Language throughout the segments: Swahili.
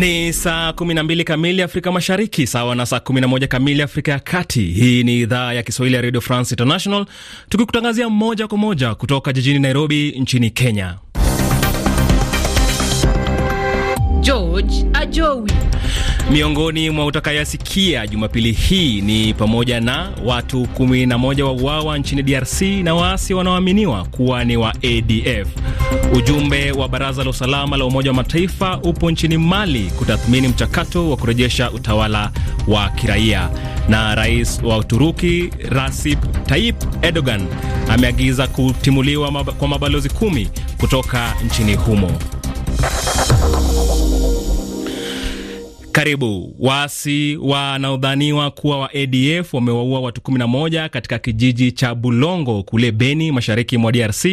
Ni saa 12 kamili Afrika Mashariki, sawa na saa 11 kamili Afrika ya Kati. Hii ni idhaa ya Kiswahili ya Radio France International, tukikutangazia moja kwa moja kutoka jijini Nairobi nchini Kenya. George Ajowi Miongoni mwa utakayasikia Jumapili hii ni pamoja na watu 11 wauawa nchini DRC na waasi wanaoaminiwa kuwa ni wa ADF. Ujumbe wa Baraza la Usalama la Umoja wa Mataifa upo nchini Mali kutathmini mchakato wa kurejesha utawala wa kiraia. Na rais wa Uturuki Recep Tayyip Erdogan ameagiza kutimuliwa kwa mabalozi kumi kutoka nchini humo. Karibu. Waasi wanaodhaniwa kuwa wa ADF wamewaua watu 11 katika kijiji cha Bulongo kule Beni, mashariki mwa DRC.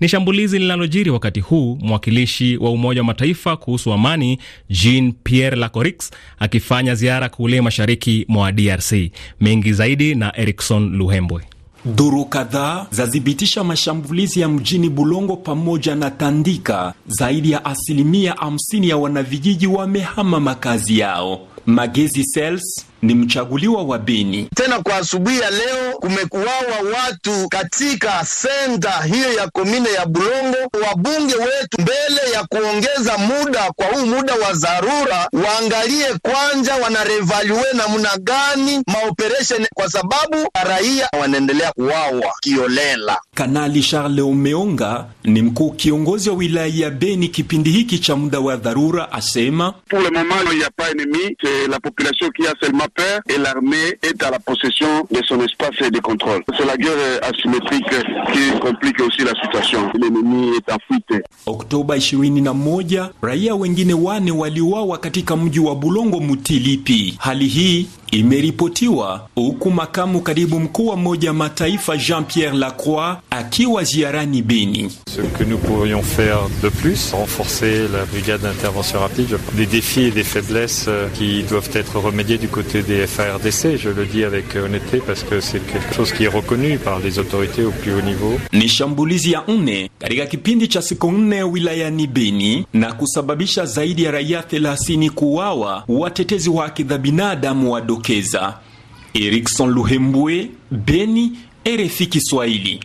Ni shambulizi linalojiri wakati huu mwakilishi wa Umoja wa Mataifa kuhusu amani Jean Pierre Lacorix akifanya ziara kule mashariki mwa DRC. Mengi zaidi na Erikson Luhembwe. Duru kadhaa zathibitisha mashambulizi ya mjini Bulongo pamoja na Tandika. Zaidi ya asilimia 50 ya wanavijiji wamehama makazi yao. Magezi Sales ni mchaguliwa wa Beni. Tena kwa asubuhi ya leo kumekuwawa watu katika senta hiyo ya komine ya Bulongo. Wabunge wetu mbele ya kuongeza muda kwa huu muda wa dharura, waangalie kwanza wanarevalue namna gani maoperesheni, kwa sababu raia wanaendelea kuwawa kiolela. Kanali Charles Omeonga ni mkuu kiongozi wa wilaya ya Beni kipindi hiki cha muda wa dharura, asema Pour le moment, il n'y a pas ennemi, c'est la population qui a seulement paix et l'armée est à la possession de son espace de contrôle. C'est la guerre asymétrique qui complique aussi la situation. L'ennemi est en fuite. Oktoba 21, raia wengine wane waliuawa katika mji wa Bulongo Mutilipi. Hali hii imeripotiwa huku makamu katibu mkuu wa Umoja wa Mataifa Jean Pierre Lacroix akiwa ziarani Beni. Ce que nous pourrions faire de plus, renforcer la brigade d'intervention rapide, des défis et des faiblesses euh, qui doivent être remédiés du côté des FARDC, je le dis avec honnêteté parce que c'est quelque chose qui est reconnu par les autorités au plus haut niveau. Ni shambulizi ya nne katika kipindi cha siku nne wilayani Beni na kusababisha zaidi ya raia 30 kuuawa, watetezi wa haki za binadamu wa kujitokeza. Erikson Luhembwe, Beni, RFI Kiswahili.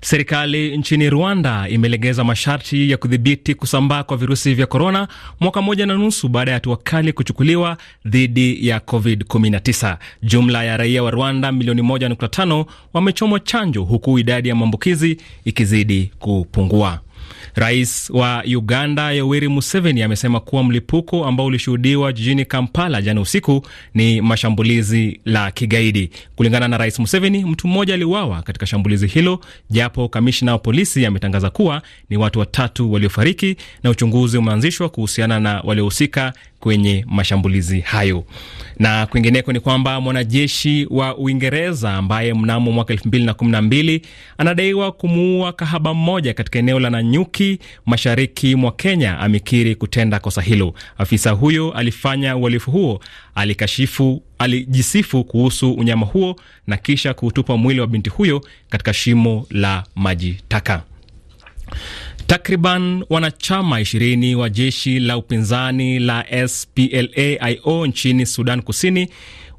Serikali nchini Rwanda imelegeza masharti ya kudhibiti kusambaa kwa virusi vya korona mwaka moja na nusu baada ya hatua kali kuchukuliwa dhidi ya COVID-19. Jumla ya raia wa Rwanda milioni 1.5 wamechomwa chanjo huku idadi ya maambukizi ikizidi kupungua. Rais wa Uganda Yoweri Museveni amesema kuwa mlipuko ambao ulishuhudiwa jijini Kampala jana usiku ni mashambulizi la kigaidi. Kulingana na Rais Museveni, mtu mmoja aliuawa katika shambulizi hilo, japo kamishna wa polisi ametangaza kuwa ni watu watatu waliofariki na uchunguzi umeanzishwa kuhusiana na waliohusika kwenye mashambulizi hayo. Na kwingineko ni kwamba mwanajeshi wa Uingereza ambaye mnamo mwaka 2012 anadaiwa kumuua kahaba mmoja katika eneo la Nanyuki Mashariki, mashariki mwa Kenya amekiri kutenda kosa hilo. Afisa huyo alifanya uhalifu huo, alikashifu, alijisifu kuhusu unyama huo na kisha kuutupa mwili wa binti huyo katika shimo la maji taka. Takriban wanachama ishirini wa jeshi la upinzani la splaio nchini Sudan Kusini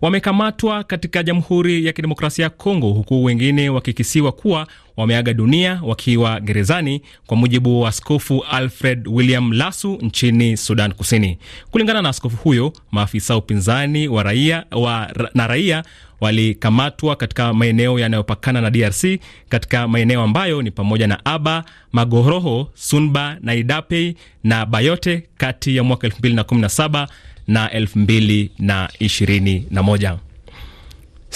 wamekamatwa katika Jamhuri ya Kidemokrasia ya Kongo, huku wengine wakikisiwa kuwa wameaga dunia wakiwa gerezani, kwa mujibu wa Askofu Alfred William Lasu nchini Sudan Kusini. Kulingana na askofu huyo, maafisa upinzani wa raia, wa, na raia walikamatwa katika maeneo yanayopakana na DRC katika maeneo ambayo ni pamoja na Aba, Magoroho, Sunba, Naidapei na Bayote kati ya mwaka 2017 na 2021.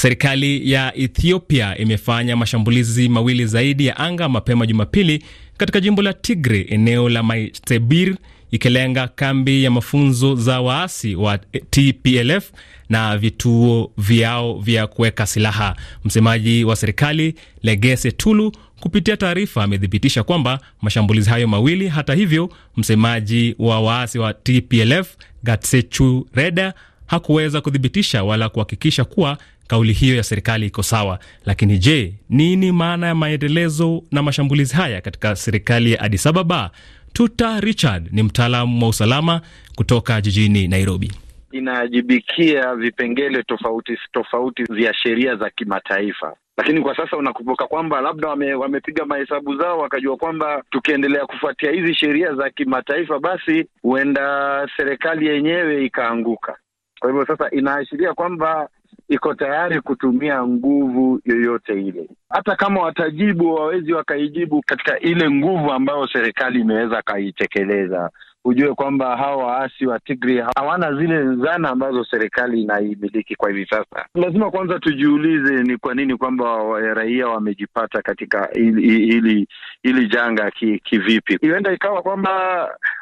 Serikali ya Ethiopia imefanya mashambulizi mawili zaidi ya anga mapema Jumapili katika jimbo la tigre eneo la Maitebir, ikilenga kambi ya mafunzo za waasi wa TPLF na vituo vyao vya kuweka silaha. Msemaji wa serikali Legese Tulu kupitia taarifa amethibitisha kwamba mashambulizi hayo mawili. Hata hivyo, msemaji wa waasi wa TPLF Gatsechu Reda hakuweza kuthibitisha wala kuhakikisha kuwa kauli hiyo ya serikali iko sawa, lakini je, nini maana ya maendelezo na mashambulizi haya katika serikali ya Addis Ababa? Tuta Richard ni mtaalamu wa usalama kutoka jijini Nairobi. Inaajibikia vipengele tofauti tofauti vya sheria za kimataifa lakini kwa sasa unakumbuka kwamba labda wame, wamepiga mahesabu zao wakajua kwamba tukiendelea kufuatia hizi sheria za kimataifa, basi huenda serikali yenyewe ikaanguka. Kwa hivyo sasa inaashiria kwamba iko tayari kutumia nguvu yoyote ile, hata kama watajibu wawezi wakaijibu katika ile nguvu ambayo serikali imeweza kaitekeleza. Hujue kwamba hawa waasi wa Tigri hawana zile zana ambazo serikali inaimiliki kwa hivi sasa. Lazima kwanza tujiulize ni kwa nini kwamba raia wamejipata katika hili hili janga kivipi? Ki huenda ikawa kwamba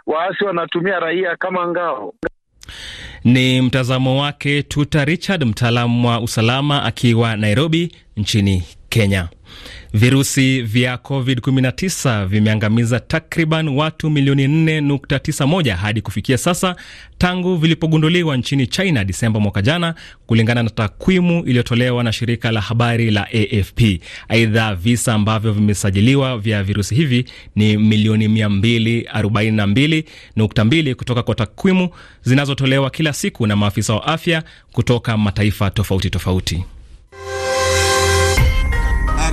waasi wanatumia raia kama ngao. Ni mtazamo wake Tuta Richard, mtaalamu wa usalama akiwa Nairobi nchini Kenya. Virusi vya COVID-19 vimeangamiza takriban watu milioni 4.91 hadi kufikia sasa tangu vilipogunduliwa nchini China Disemba mwaka jana, kulingana na takwimu iliyotolewa na shirika la habari la AFP. Aidha, visa ambavyo vimesajiliwa vya virusi hivi ni milioni 242.2 kutoka kwa takwimu zinazotolewa kila siku na maafisa wa afya kutoka mataifa tofauti tofauti.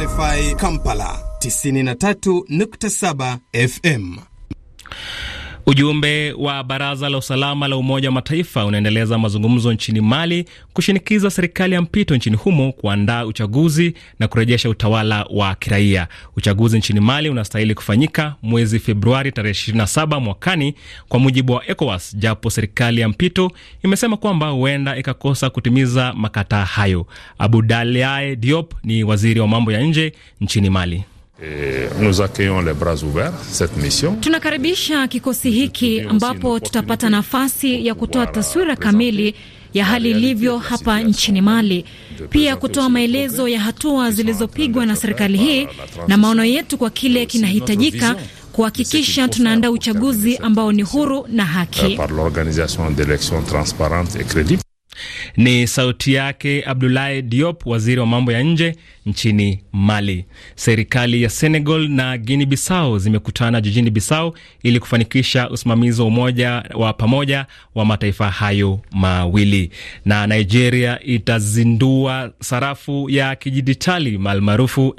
RFI Kampala 93.7 FM. Ujumbe wa Baraza la Usalama la Umoja wa Mataifa unaendeleza mazungumzo nchini Mali kushinikiza serikali ya mpito nchini humo kuandaa uchaguzi na kurejesha utawala wa kiraia. Uchaguzi nchini Mali unastahili kufanyika mwezi Februari tarehe 27 mwakani kwa mujibu wa ECOWAS, japo serikali ya mpito imesema kwamba huenda ikakosa kutimiza makataa hayo. Abudaliae Diop ni waziri wa mambo ya nje nchini Mali. Tunakaribisha kikosi hiki ambapo tutapata nafasi ya kutoa euh, taswira kamili ya hali ilivyo hapa nchini Mali, pia kutoa maelezo ya hatua zilizopigwa na serikali hii na maono yetu kwa kile kinahitajika kuhakikisha tunaandaa uchaguzi ambao ni huru na haki. Euh, ni sauti yake Abdoulaye Diop, waziri wa mambo ya nje nchini Mali. Serikali ya Senegal na Guinea Bissau zimekutana jijini Bissau ili kufanikisha usimamizi wa umoja wa pamoja wa mataifa hayo mawili. Na Nigeria itazindua sarafu ya kidijitali maalmaarufu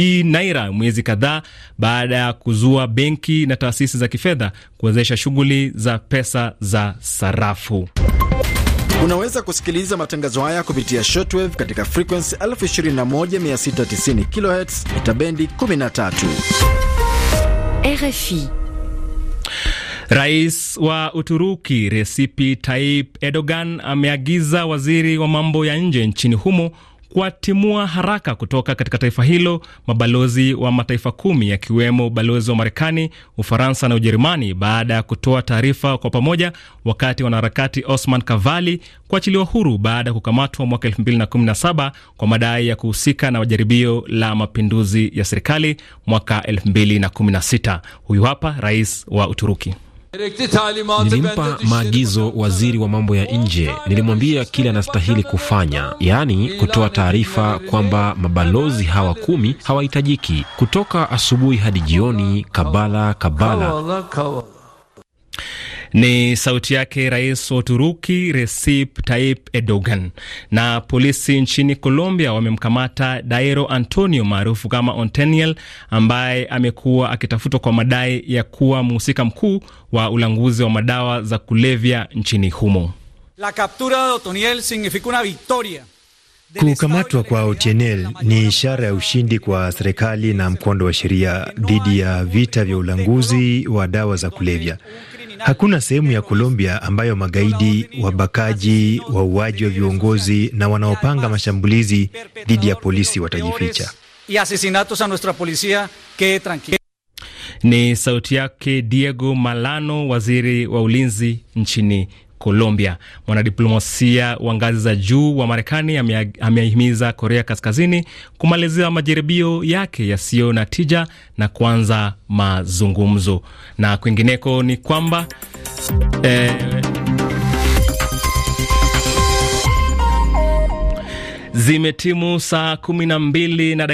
i naira miezi kadhaa baada ya kuzua benki na taasisi za kifedha kuwezesha shughuli za pesa za sarafu. Unaweza kusikiliza matangazo haya kupitia shortwave katika frequency 21690 kHz mita bendi 13. RFI. Rais wa Uturuki Recep Tayyip Erdogan ameagiza waziri wa mambo ya nje nchini humo kuwatimua haraka kutoka katika taifa hilo mabalozi wa mataifa kumi yakiwemo ubalozi wa Marekani, Ufaransa na Ujerumani baada ya kutoa taarifa kwa pamoja, wakati wanaharakati Osman Kavali kuachiliwa huru baada ya kukamatwa mwaka 2017 kwa madai ya kuhusika na jaribio la mapinduzi ya serikali mwaka 2016. Huyu hapa rais wa Uturuki. Nilimpa maagizo waziri wa mambo ya nje, nilimwambia kile anastahili kufanya, yaani kutoa taarifa kwamba mabalozi hawa kumi hawahitajiki kutoka asubuhi hadi jioni, kabala kabala, kabala, kabala. Ni sauti yake rais wa Uturuki Recep Tayyip Erdogan. Na polisi nchini Colombia wamemkamata Dairo Antonio maarufu kama Onteniel ambaye amekuwa akitafutwa kwa madai ya kuwa mhusika mkuu wa ulanguzi wa madawa za kulevya nchini humo. La captura de Otoniel significa una victoria Kukamatwa kwa Otienel ni ishara ya ushindi kwa serikali na mkondo wa sheria dhidi ya vita vya ulanguzi wa dawa za kulevya. Hakuna sehemu ya Colombia ambayo magaidi, wabakaji, wauaji wa viongozi na wanaopanga mashambulizi dhidi ya polisi watajificha. Ni sauti yake Diego Malano, waziri wa ulinzi nchini Colombia. Mwanadiplomasia wa ngazi za juu wa Marekani ameahimiza Korea Kaskazini kumalizia majaribio yake yasiyo na tija na kuanza mazungumzo. Na kwingineko ni kwamba eh, zimetimu saa kumi na mbili na